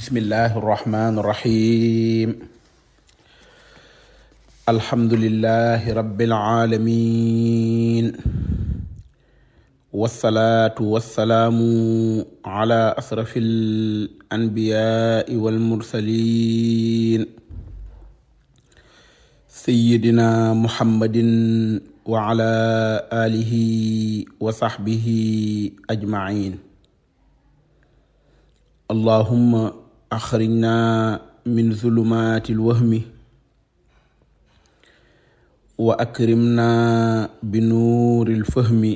bismillahi irrahmani irrahim alhamdulilahi rabbil alamin wasalaatu wasalaamu ala asrafil anbiyaai wal mursalin sayyidina muhammadin wa ala alihi wa sahbihi ajmain allahumma axrijnaa min zulumaati lwahmi wa akrimnaa bi nuuri lfahmi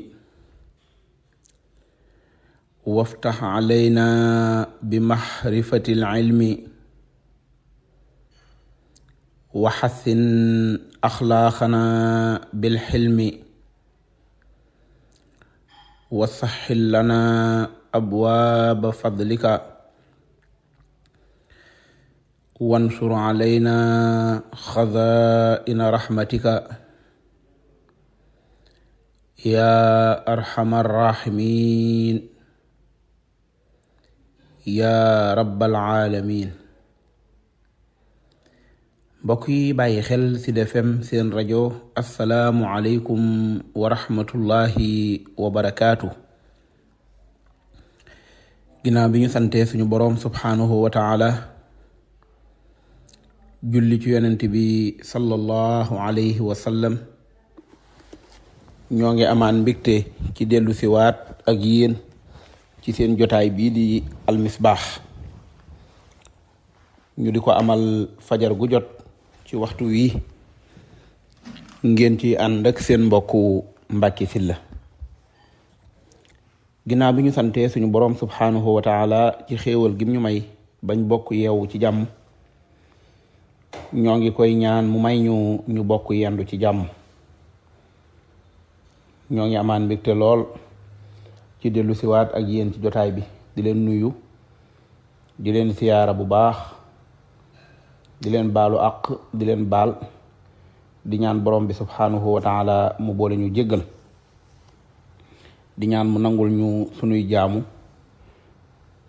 waftax calaynaa bi maxrifati lcilmi wa xassin axlaaqanaa bilxilmi wansur alayna xazaa'ina raxmatika yaa arxamar raximin yaa rabbal aalamiin mbokk yi bàyyi xel ci seen rajo assalaamu aleykum wa raxmatullaahi wa barakaatu ginnaaw bi ñu santee suñu boroom subhaanahu julli ci yonent bi sallallahu alayhi wa sallam ñoo ngi amaan mbégte ci dellu siwaat ak yéen ci seen jotaay bii di almisbaax ñu di ko amal fajar gu jot ci waxtu wi ngeen ci ànd ak seen mbokku Mbàkke Sylla ginnaaw bi ñu santee suñu borom subhaanahu wa ci xéewal gim ñu may bañ bokk yeewu ci jàmm ñoo ngi koy ñaan mu may ñu ñu bokk yendu ci jàmm ñoo ngi amaan mbégte lool ci dellu siwaat ak yéen ci jotaay bi di leen nuyu di leen siyaara bu baax di leen baalu àq di leen baal di ñaan borom bi subhanahu wa taala mu boole ñu jéggal di ñaan mu nangul ñu sunuy jaamu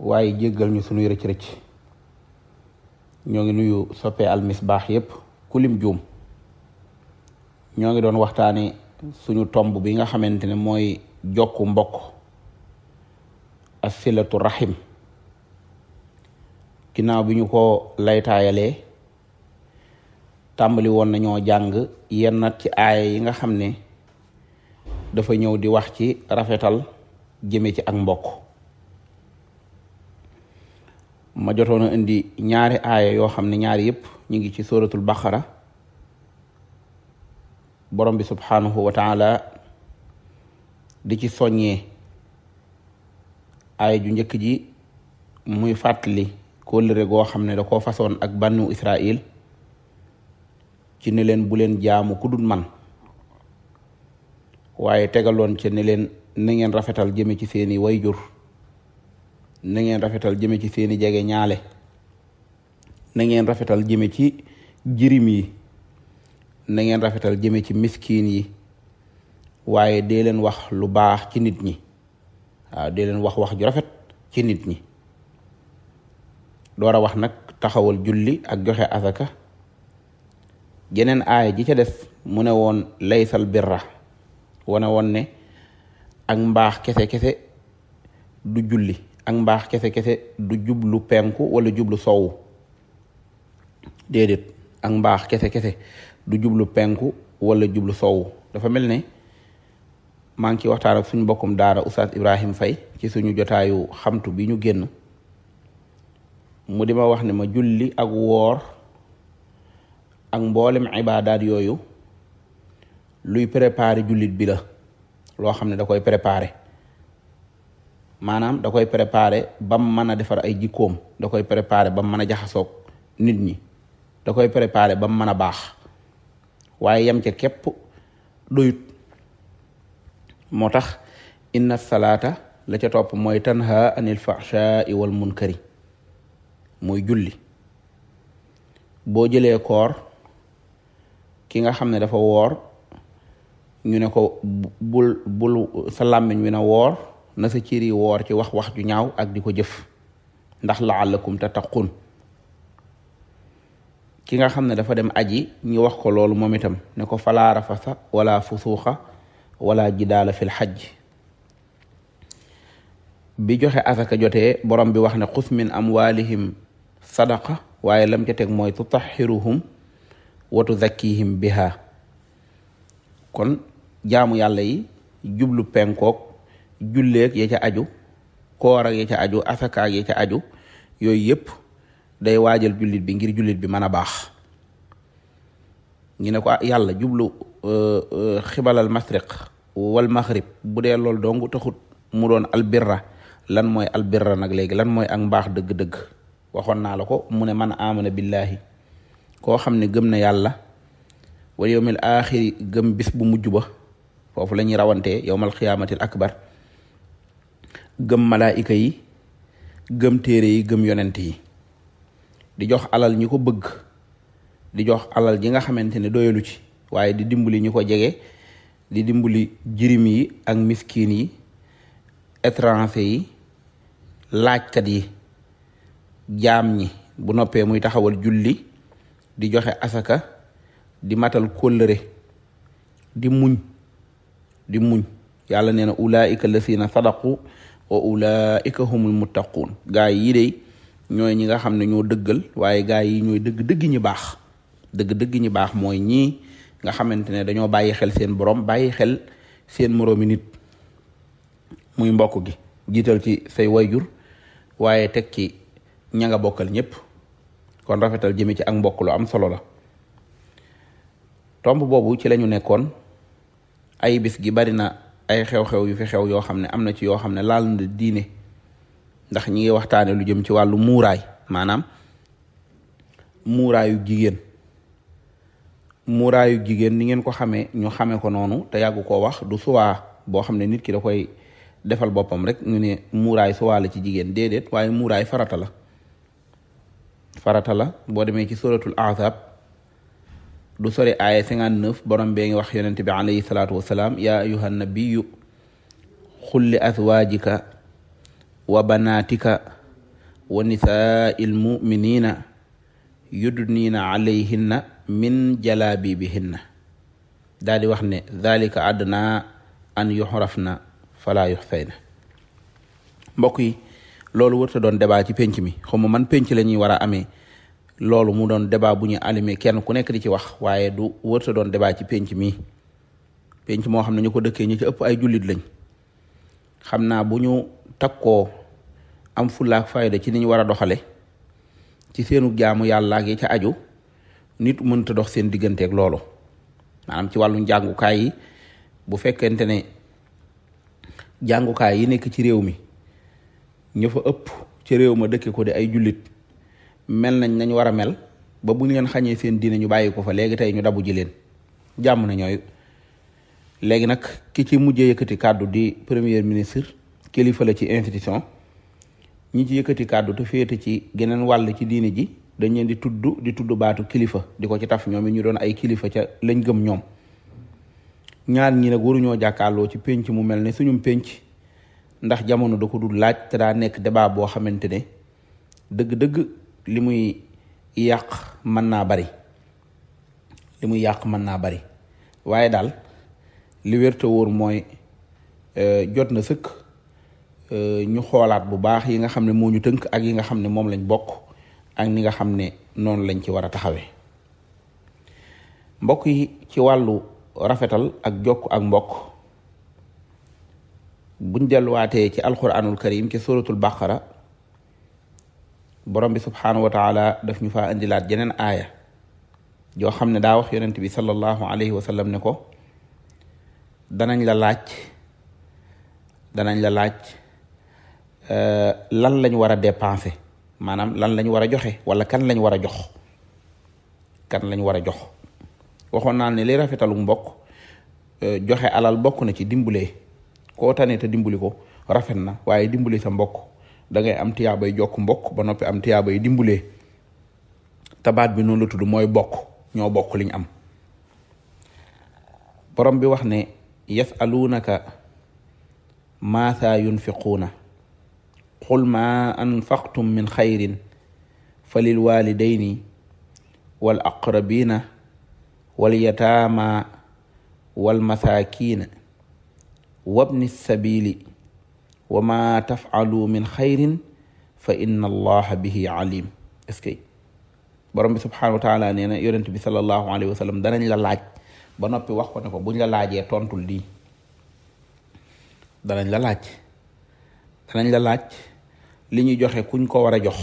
waaye jéggal ñu sunuy rëcc-rëcc ñoo ngi nuyu soppee almisbaax yépp kulim juum ñoo ngi doon waxtaane suñu tomb bi nga xamante ne mooy jokku mbokk asilatu raxim ginnaaw bi ñu ko laytaayalee tàmbali woon nañoo jàng yennat ci aaya yi nga xam ne dafa ñëw di wax ci rafetal jëme ci ak mbokk ma jotoon a indi ñaari aaya yoo xam ne ñaari yëpp ñu ngi ci suratul baqara borom bi subhanahu di ci soññee aaya ju njëkk ji muy fàttali kóllëre goo xam ne da koo fasoon ak bannu israil ci ne leen bu leen jaamu ku man waaye tegaloon ci ne leen na ngeen rafetal jëme ci seeni jur na ngeen rafetal jëme ci seeni jege ñaale na ngeen rafetal jëme ci jirim yi na ngeen rafetal jëme ci miskin yi waaye dee leen wax lu baax ci nit ñi waaw leen wax wax ju rafet ci nit ñi door a wax nag taxawal julli ak joxe asaka geneen aaya ji ca des mu ne woon laysal birra wane woon ne ak mbaax kese-kese du julli ak mbaax kese-kese du jublu penku wala jublu sowu déedéet ak mbaax kese-kese du jublu penku wala jublu sowu dafa mel ne maa ngi ci waxtaan ak suñu mbokkum daara Oustaz Ibrahim fay ci suñu jotaayu xamtu bi ñu génn mu di ma wax ne ma julli ak woor ak mboolem ibaadaat yooyu luy préparer jullit bi la loo xam ne da koy préparer maanaam da koy préparer ba mu mën a defar ay jikkoom da koy préparer ba mu mën a jaxasoog nit ñi da koy préparer ba mu mën a baax waaye yam ca képp doyut moo tax inna salaata la ca topp mooy tanha anil fahshaai wal munkari mooy julli boo jëlee koor ki nga xam ne dafa woor ñu ne ko bul bul sa làmmiñ wi a woor na sa cëri woor ci wax wax ju ñaaw ak di ko jëf ndax laallakum tattaqun ki nga xam ne dafa dem aji ñu wax ko loolu moom itam ne ko falaa rafasa wala fusuuxa wala jidaala fil xajj bi joxe asaka jotee borom bi wax ne xus min amwalihim sadaqa waaye lam ca teg mooy tutaxiruhum wa tuzakkihim biha kon jaamu yàlla yi jublu penkook julleeg ya ca aju koor ak ya ca aju asaka ak ca aju yooyu yëpp day waajal jullit bi ngir jullit bi mën a baax ñu ne ko a ah, yàlla jublu euh, euh, xibalal masriq wal maghrib bu dee loolu dong taxut mu doon albirra lan mooy albirra nag léegi lan mooy ak mbaax dëgg-dëgg waxoon naa la ko mu ne man amana billahi koo xam ne gëm na yàlla wal yawmil axiri gëm bis bu mujj ba foofu la ñuy rawantee yawmal xiyaamatil akbar gëm malaayika yi gëm téere yi gëm yonent yi di jox alal ñi ko bëgg di jox alal ji nga xamante ne doyalu ci waaye di dimbali ñi ko jege di dimbali jirim yi ak miskin yi étranger yi laajkat yi jaam ñi bu noppee muy taxawal julli di joxe asaka di matal kóllëre di muñ di muñ yàlla nee na ulaika lasina sadaqu wa ulaika humul muttaquun gaa yii dey ñooy ñi nga xam ne ñoo dëggal waaye gaa yi ñooy dëgg dëgg ñi baax dëgg dëgg ñi baax mooy ñii nga xamante ne dañoo bàyyi xel seen borom bàyyi xel seen morominit muy mbokk gi jiital ci say wayjur waaye teg ci ña nga bokkal ñépp kon rafetal jëme ci ak mbokk lu am solo la tomb boobu ci lañu nekkoon ay bis gi bari na ay xew-xew yu fi xew yoo xam ne am na ci yoo xam ne laal diine ndax ñi ngi waxtaane lu jëm ci wàllu muuraay maanaam muuraayu jigéen muuraayu jigéen ni ngeen ko xame ñu xame ko noonu te yàggu koo wax du suwaa boo xam ne nit ki da koy defal boppam rek ñu ne muuraay suwaa la ci jigéen déedéet waaye muuraay farata la farata la boo demee ci suratul ahzab du sori aaya 59 borom bee ngi wax yonente bi alayhi salaatu wasalaam yaa ayuha nabiyu xulli azwaajika wa banaatika wa nisaa'il mu'miniina yudniina alayhinna min jalaabibihinna daal di wax ne dalika adnaa an yuxrafna falaa yuxsayna mbokk yi loolu wërta doon débat ci penc mi xaw ma man penc la ñuy war a amee loolu mu doon débat bu ñu animé kenn ku nekk di ci wax waaye du wërta doon débat ci penc mi penc moo xam ne ñu ko dëkkee ñi ci ëpp ay jullit lañ xam naa bu ñu takkoo am fullaak fayda ci ni ñu war a doxale ci seenu jaamu yàlla ak yi ca aju nit mënta dox seen digganteek loolu maanaam ci wàllu njàngukaay yi bu fekkente ne jàngukaay yi nekk ci réew mi ña fa ëpp ci réew ma dëkke ko di ay jullit mel nañ nañ war a mel ba bu ñu leen xañee seen diine ñu bàyyi ko fa léegi tey ñu dabu ji leen jàmm na ñooyu léegi nag ki ci mujjee yëkkati kàddu di premier ministre kilifa la ci institution ñi ci yëkkati kàddu te féete ci geneen wàll ci diine ji dañ leen di tudd di tudd baatu kilifa di ko ci taf ñoom it ñu doon ay kilifa ca lañ gëm ñoom ñaar ñi nag waruñoo jàkkaarloo ci pénc mu mel ni suñum pénc ndax jamono da ko dul laaj te daa nekk débat boo xamante ne li muy yàq mën naa bari li muy yàq mën naa bari waaye daal li wér te wóor mooy euh, jot na sëkk euh, ñu xoolaat bu baax yi nga xam ne moo tënk ak yi nga xam ne moom lañ bokk ak ni nga xam ne noonu lañ ci war a taxawee mbokk yi ci wàllu rafetal ak jokk ak mbokk buñ delluwaatee ci alquranul karim ci suratul bàqara borom bi subxanahu wa taala daf ñu faa indilaat jeneen aaya joo xam ne daa wax yonent bi sallallahu alayhi wa sallam ne ko danañ la laaj danañ la laaj euh, lan lañ war a dépenser maanaam lan lañ war a joxe wala kan lañ war a jox kan lañ war jox waxoon naa ne li rafetalu mbokk euh, joxe alal bokk na ci dimbule koo tane te dimbali ko rafet na waaye dimbali sa mbokk. da ngay am tiyaabay jokk mbokk ba noppi am yi dimbulee tabaat bi noonu la tudd mooy bokk ñoo bokk liñ am borom bi wax ne yasaluunaka maatha yunfiquuna qul maa anfaqtum min xayrin fa lilwalidayni wal aqrabina wal yataama wal masaakina wabni sabili wa ma tafaalu min xayrin fa inna allaha bihi alim est-ce que borom bi subhanahu wa taala nee na yonent bi sallallahu alayhi wa sallam danañ la laaj ba noppi wax ko ne ko buñ la laajee tontul di danañ la laaj danañ la laaj li ñu joxe kuñ ko war a jox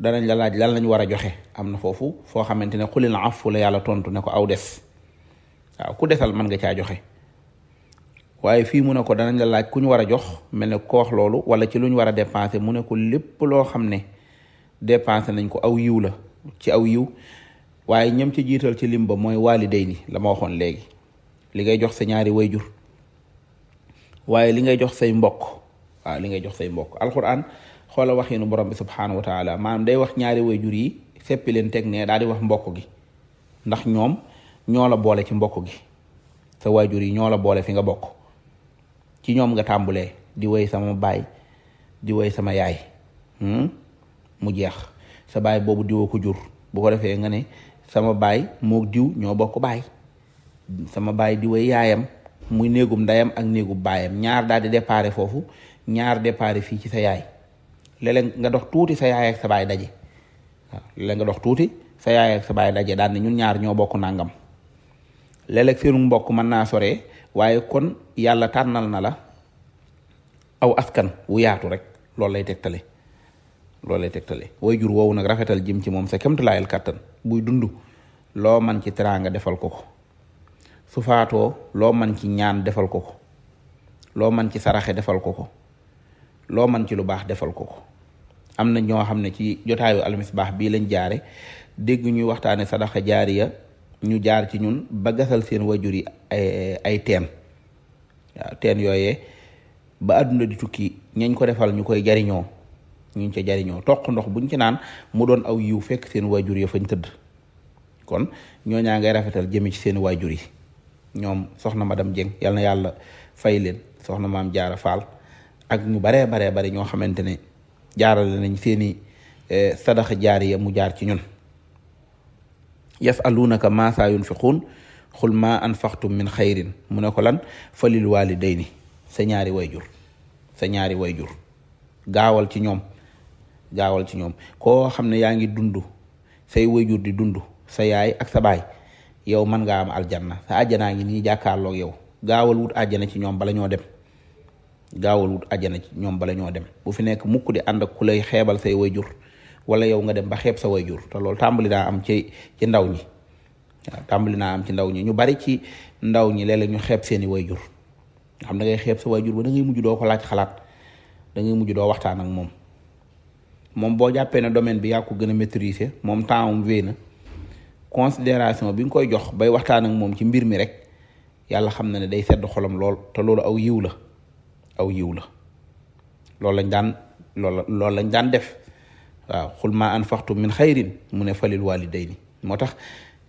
danañ la laaj lan lañ war a joxe am na foofu foo xamante ne xulil afu la yàlla tontu ne ko aw des waaw ku desal mën nga caa joxe waaye fii mu ne ko danañ la laaj ku ñu war a jox mel ne ko loolu wala ci lu ñu war a dépensé mu ne ko lépp loo xam ne dépensé nañ ko aw yiw la ci aw yiw waaye ñam ci jiital ci lim ba mooy waaliday ni la ma waxoon léegi li ngay jox sa ñaari wayjur waaye li ngay jox say mbokk waaw li ngay jox say mbokk alquran xoola wax yinu borom bi subhanahu wa taala maanaam day wax ñaari way jur yi seppi leen teg ne daal wax mbokk gi ndax ñoom ñoo la boole ci mbokk gi sa jur yi ñoo la boole fi nga bokk ci ñoom nga tàmbulee di woy sama baay di woy sama yaay hmm? mu jeex sa baay boobu diwoo ko jur bu ko defee nga ne sama baay moog diw ñoo bokk baay sama baay di woy yaayam muy néegum ndayam ak néegum baayam ñaar daal di déparé foofu ñaar déparé fii ci sa yaay léeg-léeg nga dox tuuti sa yaay sa baay daje waaw léeg dox tuuti sa yaay sa baay daje daal ne ñun ñaar ñoo bokk nangam léeg-léeg seenu mbokk mën naa soree waaye kon yàlla tànnal na la aw askan wu yaatu rek loolu lay tegtale lool lay tegtale way jur woowu nag rafetal jim ci moom sa kemtulaayal kàttan buy dundu loo man ci teraanga defal ko ko su faatoo loo man ci ñaan defal ko ko loo man ci saraxe defal ko ko loo man ci lu baax defal ko ko am na ñoo xam ne ci jotaayu baax bii lañ jaare dégg ñuy waxtaane sadaxa jaariya ñu jaar ci ñun ba gasal seen wajur yi ay ay teen waaw teen yooye ba àdduna di tukki ñañ ko defal ñu koy jariñoo ñu ngi ca jariñoo toq ndox buñ ci naan mu doon aw yiw fekk seen waajur ya fañ tëdd kon ñooñaa ngay rafetal jëme ci seen waajur yi ñoom soxna madame Dieng yal na yàlla fay leen soxna maam jaara faal ak ñu baree baree bari ñoo xamante ne jaarale nañ seeni eh, sadaxa jaariya mu jaar ci ñun yasaluunaka maa saa yunfiquun xul an anfaqtum min xayrin mu ne ko lan falil ni sa ñaari jur sa ñaari way jur gaawal ci ñoom gaawal ci ñoom ko xam ne yaa ngi dund say wayjur di dund sa yaay ak sa baay yow mën ngaa am aljanna sa àjjanaa ngi nii jàkkaarloog yow gaawal wut àjjana ci ñoom bala ñoo dem gaawal wut àjjana ci ñoom bala ñoo dem bu fi nekk mukk di ànd ku lay xeebal say jur wala yow nga dem ba xeeb sa way jur te loolu tàmbali naa am ci ci ndaw ñi tàmbali naa am ci ndaw ñi ñu bari ci ndaw ñi léeg-léeg ñu xeeb seeni way jur xam da ngay xeeb sa way jur ba da ngay mujj doo ko laaj xalaat da ngay mujj doo waxtaan ak moom moom boo jàppee ne domaine bi yaa ko gën a maîtriser moom temps am wéy na considération bi nga koy jox bay waxtaan ak moom ci mbir mi rek yàlla xam na ne day sedd xolam lool te loolu aw yiw la aw yiw la loolu lañ daan loolu loolu lañ daan def waaw xul ma anfaqtum min xayrin mu ne falil walidayni moo tax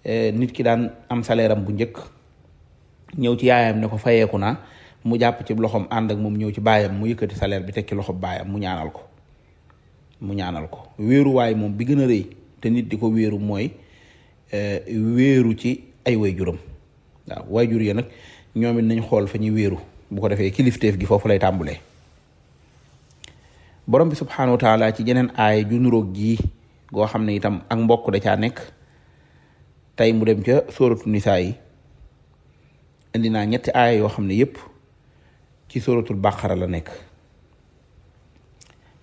eh, nit ki daan am saleeram bu njëkk ñëw ci yaayam ne ko fayeeku na mu jàpp ci loxoom ànd ak moom ñëw ci baayam mu yëkkati salaire bi tekki loxo baayam mu ñaanal ko mu ñaanal ko wéeruwaay moom bi gën a rëy te nit di ko wéeru mooy eh, wéeru ci ay way waajuram waaw waajur ya nag ñoom it nañ xool fa ñuy wéeru bu ko defee kilifteef gi foofu lay tàmbulee borom bi subxanahu wa taala ci jeneen aay ju nuroog ji goo xam ne itam ak mbokk da caa nekk tey mu dem ca sóoratu nisaa yi indi naa ñetti aaya yoo xam ne yëpp ci sóoratul bàqara la nekk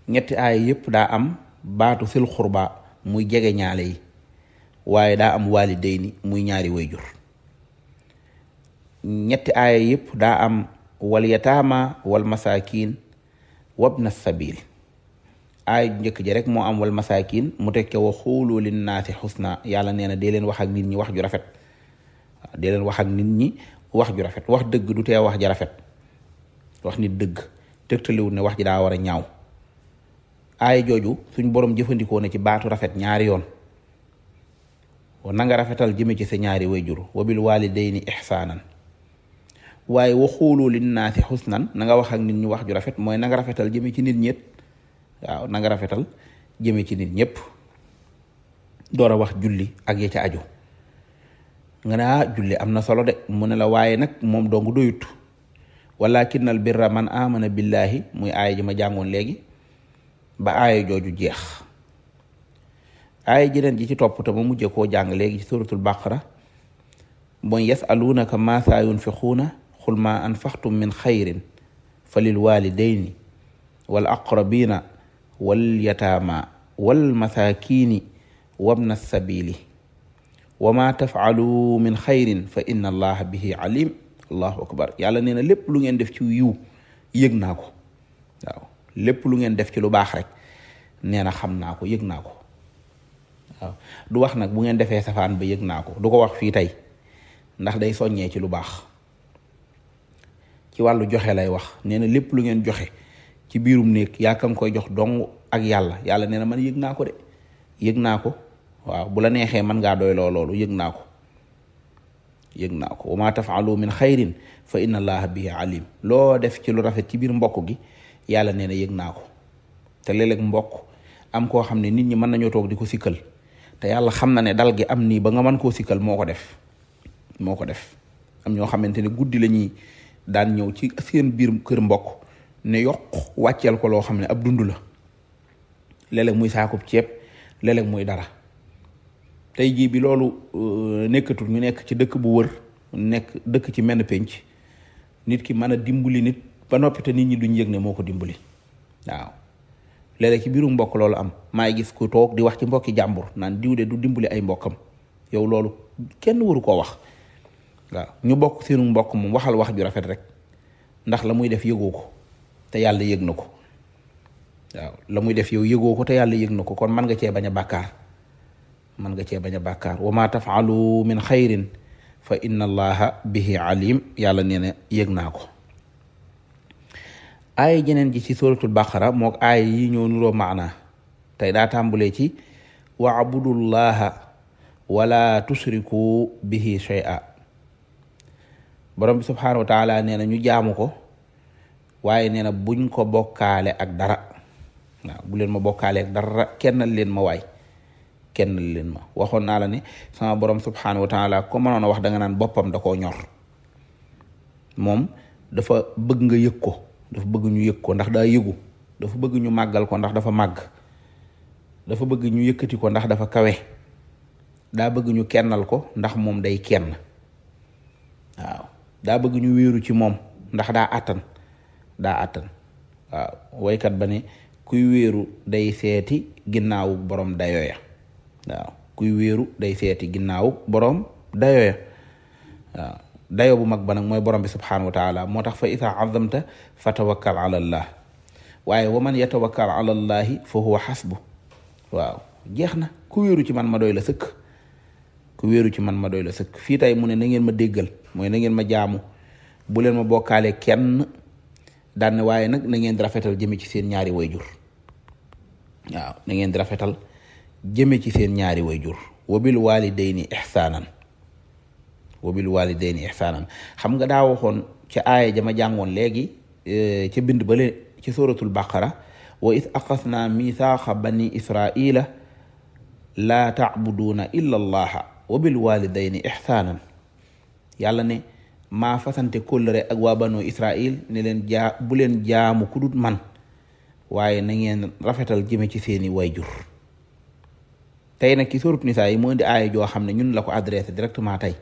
ñetti aaya yëpp daa am baatu sil xurba muy jege yi waaye daa am waalidayni muy ñaari wayjur ñetti aaya yépp daa am wal yataama wal masaakiin wabna sabil aay njëkk ji rek moo am wal masaakin mu tekke wa xuulu linnaasi xusna yàlla nee na dee leen wax ak nit ñi wax ju rafet waaw leen wax ak nit ñi wax ju rafet wax dëgg du te wax ja rafet wax nit dëgg tegtaliwul ne wax ji daa war a ñaaw aay jooju suñ boroom jëfandikoo na ci baatu rafet ñaari yoon wa nanga rafetal jëme ci sa ñaari wayjur wa bil walidayni ihsaanan waaye wa xuulu linnaasi xusnan na nga wax ak nit ñi wax ju rafet mooy na nga rafetal jëme ci nit ñet waaw na nga rafetal jëme ci nit ñëpp door a wax julli ak ya ca aju nga ne ah, julli am na solo de mu ne la waaye nag moom dong doyut walakin al birra man amana billahi muy aaya ji ma jàngoon léegi ba aaya jooju jeex aaya jëneen ji ci topp te ma mujje koo jàng léegi ci suratul baqara bon yasaluunaka maasa yunfiquuna xul ma anfaxtum min xayrin fa lil walidayni aqrabina wal yataama wal masaakiini wabna sabiili wa ma tafaalu min xayrin fa inna allaha bihi alim allahu akbar yàlla nee na lépp lu ngeen def ci yiw yëg naa ko waaw lu ngeen def ci lu baax rek nee na xam naa ko yëg naa ko waaw du wax nag bu ngeen defee safaan ba yëg naa ko du ko wax fii tey ndax day soññee ci lu baax ci wàllu joxe lay wax nee na lépp lu ngeen joxe ci biirum néeg yaa kan koy jox dong ak yàlla yàlla nee na man yëg naa ko de yëg naa ko waaw bu la neexee man ngaa doy loolu yëg naa ko yëg naa ko wa ma tafaalu xayrin fa inna allaha bihi alim loo def ci lu rafet ci biir mbokk gi yàlla nee na yëg naa ko te léeg-léeg mbokk am koo xam ne nit ñi mën nañoo toog di ko sikkal te yàlla xam na ne dal gi am nii ba nga mën koo sikkal moo ko def moo ko def am ñoo xamante ne guddi la ñuy daan ñëw ci seen biir kër mbokk ne yokk wàcceel ko loo xam ne ab dund la léeg muy saakub ceeb léeg-léeg muy dara tey jii bi loolu euh, nekkatul ñu nekk ci dëkk bu wër nekk dëkk ci menn penc nit ki mën a dimbali nit ba noppi te nit ñi duñ yëg ne moo ko dimbali waaw léeg-léeg ci biiru mbokk loolu am maay gis ku toog di wax ci mbokki jàmbur naan diw de du dimbali ay mbokkam yow loolu kenn waru koo wax waaw ñu bokk seenu mbokk moom waxal wax ju rafet rek ndax la muy def yëgoo ko te yàlla yëg na ko waaw la muy def yow yëgoo te yàlla yëg na ko kon man nga cee bañ a bàkkaar man nga cee bañ a bàkkaar wa ma tafaalu min xayrin fa inna allaha bihi alim yàlla nee na yëg naa ko aaya jeneen ji ci suratul baqara mook aaya yi ñoo nuroo maana tey daa tàmbulee ci wa abudullaha wala tusriku bihi shay'a borom bi subhanahu wa nee na ñu jaamu ko waaye nee na buñ ko bokkaale ak dara bu leen ma bokkaale ak dara kennal leen ma waay kennal leen ma waxoon naa la ne sama borom subhanahu wa taala ko mënoon a wax danga naan boppam da koo ñor moom dafa bëgg nga yëg ko dafa bëgg ñu yëg ko ndax daa yëgu dafa bëgg ñu màggal ko ndax dafa màgg dafa bëgg ñu yëkkati ko ndax dafa kawe daa bëgg ñu kennal ko ndax moom day kenn waaw daa bëgg ñu wéeru ci moom ndax daa àttan daa àttan waaw woykat ba ne kuy wéeru day seeti ginnaawu borom dayoya waaw kuy wéeru day seeti ginnaawu borom dayoya waaw dayo bu mag ba nag mooy borom bi subhanahu wa moo tax fa isaa azamta fa tawakkal ala waaye wa man yatawakkal ala allahi fa xasbu waaw jeex na ku wéeru ci man ma doy la sëkk ku wéeru ci man ma doy la sëkk fii tey mu ne na ngeen ma déggal mooy na ngeen ma jaamu bu ma bokkaale kenn daan na waaye nag na ngeen di rafetal jëme ci seen ñaari wayjur waaw na ngeen di rafetal jëme ci seen ñaari wayjur wabil walidayni ihsaanan wabil walidayni ihsaanan xam nga daa waxoon ca aaya jama jàngoon léegi eh, ca bind bale ci suratul baqara wa id aqasna mithaqa bani israila laa tacbuduuna illa allaha wabil walidayni ihsaanan yàlla maa fasante kóllëre ak waa banu Israil ne leen jaa bu leen jaamu ku dut man waaye na ngeen rafetal jëme ci seeni wayjur tey nag ci sóorub nisaa yi moo indi joo xam ne ñun la ko adressé directement tey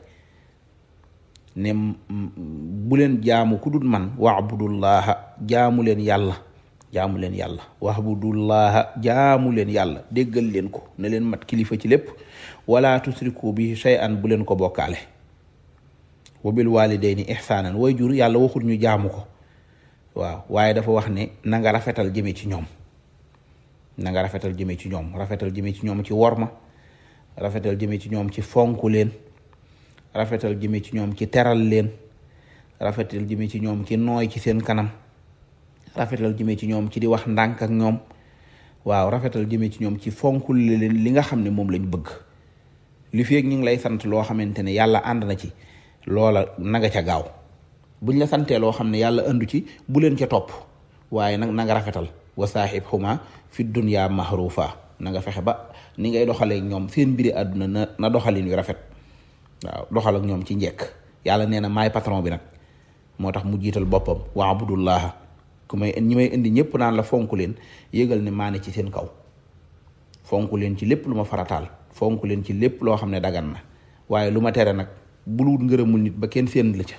ne bu leen jaamu ku dut man waabudullaha jaamu leen yàlla jaamu leen yàlla waabudullaha jaamu leen yàlla déggal leen ko ne leen mat kilifa ci lépp wala tusriku bi shay'an bu leen ko bokkaale wa bil walidayni ihsanan way jur yàlla waxul ñu jaamu ko waaw waaye dafa wax ne nanga rafetal jëme ci ñoom nanga rafetal jëme ci ñoom rafetal jëme ci ñoom ci worma rafetal jëme ci ñoom ci fonk leen rafetal jëme ci ñoom ci teral leen rafetal jëme ci ñoom ci nooy ci seen kanam rafetal jëme ci ñoom ci di wax ndànk ak ñoom waaw rafetal jëme ci ñoom ci fonkul leen li nga xam ne moom lañ bëgg li feeg ñu ngi lay sant loo xamante ne yàlla ànd na ci loola na nga ca gaaw buñ la loo xam ne yàlla andu ci bu leen ca topp waaye nag na rafetal wa saaxib xuma fi dunya mahrufa na nga fexe ba ni ngay doxalee ñoom seen mbiri àdduna na na doxalin wi rafet waaw doxal ñoom ci njekk yàlla nee na maay patron bi nag moo tax mu jiital boppam wa abudullaha ku may ñi indi ñëpp naan la fonk leen yëgal ne maa ci seen kaw fonk leen ci lépp lu ma farataal fonk leen ci lépp loo xam ne dagan na waaye lu tere nag bul wut ngërëmul nit ba kenn séen la ca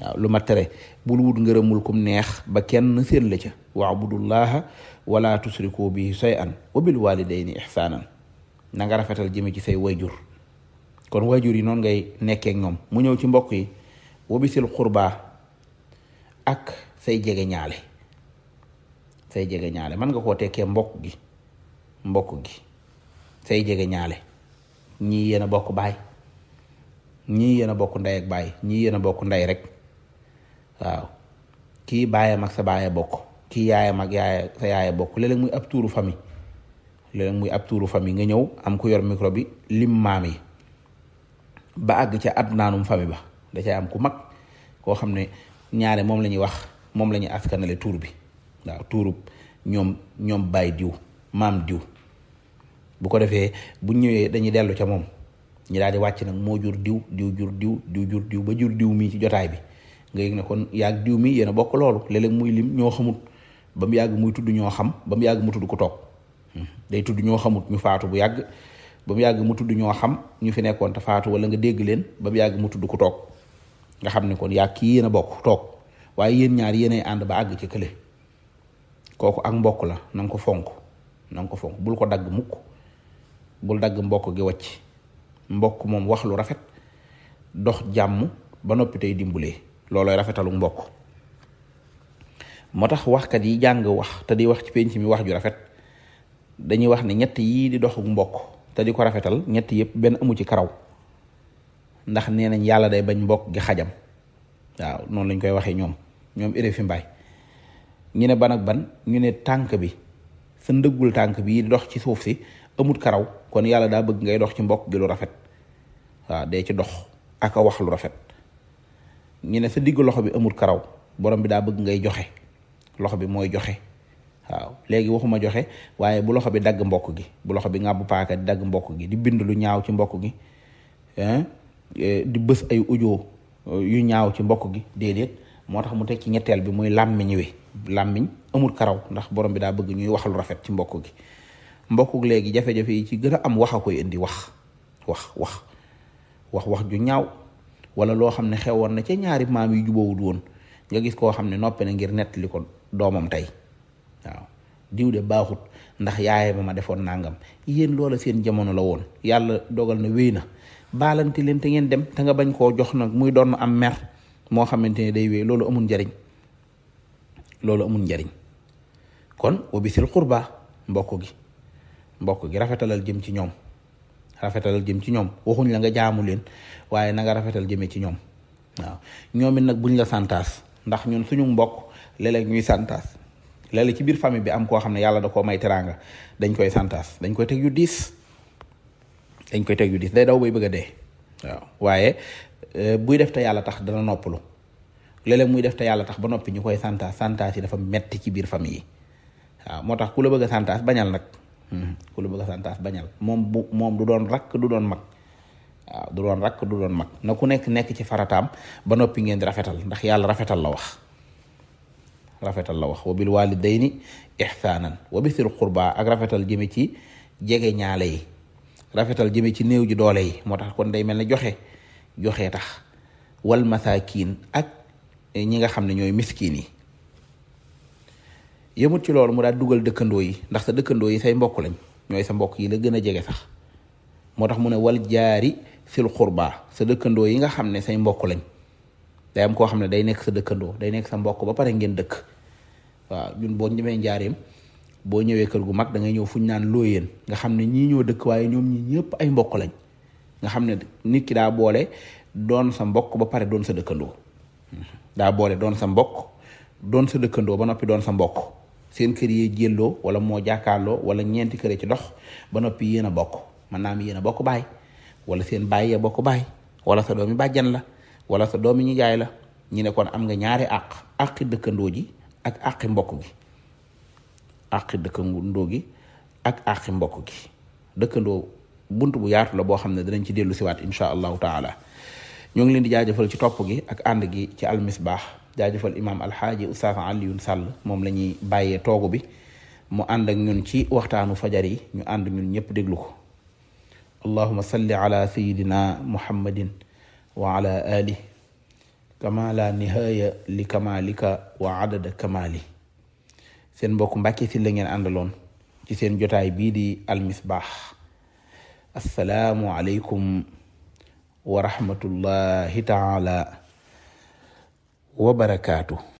waaw lu ma tere bul wut ngërëmul kum neex ba kenn séen la ca waabudullaha wala tusriku bihi shay'an wa bil walidayni ihsanan na nga rafetal jëme ci say wayjur kon wayjur yi noonu ngay nekkee ñoom mu ñëw ci mbokk yi wabisil xurbaa ak say jege ñaale say jege ñaale mën nga koo tekkee mbokk gi mbokk gi say jege ñaale ñii yéen a bokk baay ñii yéen a bokk ndey ak baay ñii yéen a bokk ndey rek waaw kii baayam mag sa baaya bokk kii yaaya mag yaaya sa yaaya bokk léeg-léeg muy ab tuuru famille léeg muy ab tuuru famille nga ñëw am ku yor micro bi lim maam yi ba àgg ca at naanum fami ba da cay am ku mag koo xam ne ñaare moom la ñuy wax moom la ñuy askanale tuur bi waaw tuuru ñoom ñoom baay diw maam diw bu ko defee bu ñëwee dañuy dellu ca moom ñu daal di wàcc nag moo jur diw diw jur diw diw jur diw ba jur diw mii ci jotaay bi nga yëg ne kon yaag diw mi yéen a bokk loolu léeg muy lim ñoo xamut ba mu yàgg muy tudd ñoo xam ba mu yàgg mu tudd ku toog hmm. day tudd ñoo xamut ñu faatu bu yàgg ba mu yàgg mu tudd ñoo xam ñu fi nekkoon te faatu wala nga dégg leen ba mu yàgg mu tudd ku toog nga xam ne kon yaag kii yéen a bokk toog waaye yéen ñaar yéenay ànd ba àgg ci kële kooku ak mbokk la na ko fonk na ko fonk bul ko dagg mukk bul dagg mbokk gi wacc mbokk moom wax lu rafet dox jàmm ba noppi tey dimbulee loolooy rafetalu mbokk moo tax waxkat yi jàng wax te di wax ci penc mi wax ju rafet dañuy wax ne ñett yii di doxuk mbokk te di ko rafetal ñett yëpp benn amu ci karaw ndax nee nañ yàlla day bañ mbokk gi xajam waaw noonu lañ koy waxee ñoom ñoom fi mbaay ñu ne ban ban ñu ne tànk bi sa ndëggul tànk bi di dox ci suuf si amut karaw kon yàlla daa bëgg ngay dox ci mbokk gi lu rafet waaw dee ci dox aka wax lu rafet ñu ne sa diggu loxo bi amul karaw borom bi daa bëgg ngay joxe loxo bi mooy joxe waaw léegi waxuma joxe waaye bu loxo bi dagg mbokk gi bu loxo bi ngàbbu paaka di dagg mbokk gi di bind lu ñaaw ci mbokk gi e, di bës ay audio e, yu ñaaw ci mbokk gi déedéet moo tax mu teg ci ñetteel bi muy làmmiñ wi làmmiñ amul karaw ndax borom bi daa bëgg ñuy wax lu rafet ci mbokk gi mbokkuk léegi jafe-jafe yi ci gën a am wax a koy indi wax wax wax wax wax ju ñaaw wala loo xam ne xewoon na ca ñaari maam yi jubawut woon nga gis koo xam ne noppi na ngir nettali ko doomam tey waaw diw de baaxut ndax yaaye ba ma defoon nangam yéen loola seen jamono la woon yàlla dogal na wéy na baalante leen te ngeen dem te nga bañ koo jox nag muy doon am mer moo xamante ne day wéy loolu amul njariñ loolu amul njariñ kon wabisil xurba mbokk gi mbokk gi rafetalal jëm ci ñoom rafetalal jëm ci ñoom waxuñ la nga jaamu leen waaye na rafetal jëme ci ñoom waaw ñoom nag buñ la santaas ndax ñun suñu mbokk léeg ñuy santaas léeg-léeg ci biir famille bi am koo xam ne yàlla da koo may teraanga dañ koy santaas dañ koy teg yu diis dañ koy teg yu diis day daw bay bëgg a dee waaw waaye euh, buy def te yàlla tax dana noppalu léeg-léeg muy def te yàlla tax ba noppi ñu koy santaas santaas yi dafa metti ci biir famille yi waaw moo tax ku la bëgg a santaas bañal nag ku lu bëgg santaas bañal moom bu moom du doon rakk du doon mag waaw du doon rakk du doon mag na ku nekk nekk ci farataam ba noppi ngeen di rafetal ndax yàlla rafetal la wax rafetal la wax wa bil walidayni ihsaanan wa bisil qurba ak rafetal jëme ci jege ñaale yi rafetal jëme ci néew ji doole yi moo tax kon day mel ne joxe joxe tax wal masaakiin ak ñi nga xam ne ñooy miskiin yi yëmut ci loolu mu daal dugal dëkkandoo yi ndax sa dëkkandoo yi say mbokk lañ ñooy sa mbokk yi la gën a jege sax moo tax mu ne wal jaari sil xurba sa dëkkandoo yi nga xam ne say mbokk lañ day koo xam ne day nekk sa dëkkandoo day nekk sa mbokk ba pare ngeen dëkk waaw ñun boo ñemee njaareem boo ñëwee kër gu mag da ngay ñëw fuñ naan looyeen nga xam ne ñii ñoo dëkk waaye ñoom ñi ñëpp ay mbokk lañ nga xam ne nit ki daa boole doon sa mbokk ba pare doon sa dëkkandoo daa boole doon sa mbokk doon sa dëkkandoo ba noppi doon sa mbokk seen kër yee jélloo wala moo jàkkaarloo wala ñeenti kër ci dox ba noppi yéen a bokk mën naa am yéen a bokk baay wala seen baay ya bokk baay wala sa doomi bàjjan la wala sa doomi ñu jaay la ñu ne kon am nga ñaari àq àqi dëkkandoo ji ak àqi mbokk gi àqi dëkkandoo gi ak àqi mbokk gi dëkkandoo bunt bu yaatu la boo xam ne dinañ ci dellu siwaat insha allahu taala ñoo ngi leen di jaajëfal ci topp gi ak ànd gi ci almisbah jaajëfal imaam alxaaji Oustaz Alioune Sall moom la ñuy bàyyee toogu bi mu ànd ñun ci waxtaanu fajar yi ñu ànd ñun ñëpp déglu ko allahuma salli ala sayidina muhammadin wa ala ali kama la li kamalika wa adada kamali seen mbokk Mbàkke Sylla ngeen àndaloon ci seen jotaay bii di almisbaax assalaamu aleykum wa taala wa barakaatu.